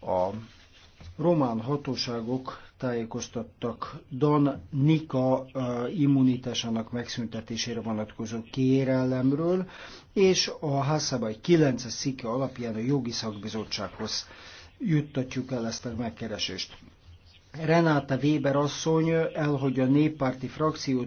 A román hatóságok tájékoztattak Dan Nika uh, immunitásának megszüntetésére vonatkozó kérelemről, és a házszabály 9-es szike alapján a jogi szakbizottsághoz juttatjuk el ezt a megkeresést. Renáta Weber asszony elhagyja a néppárti frakciót,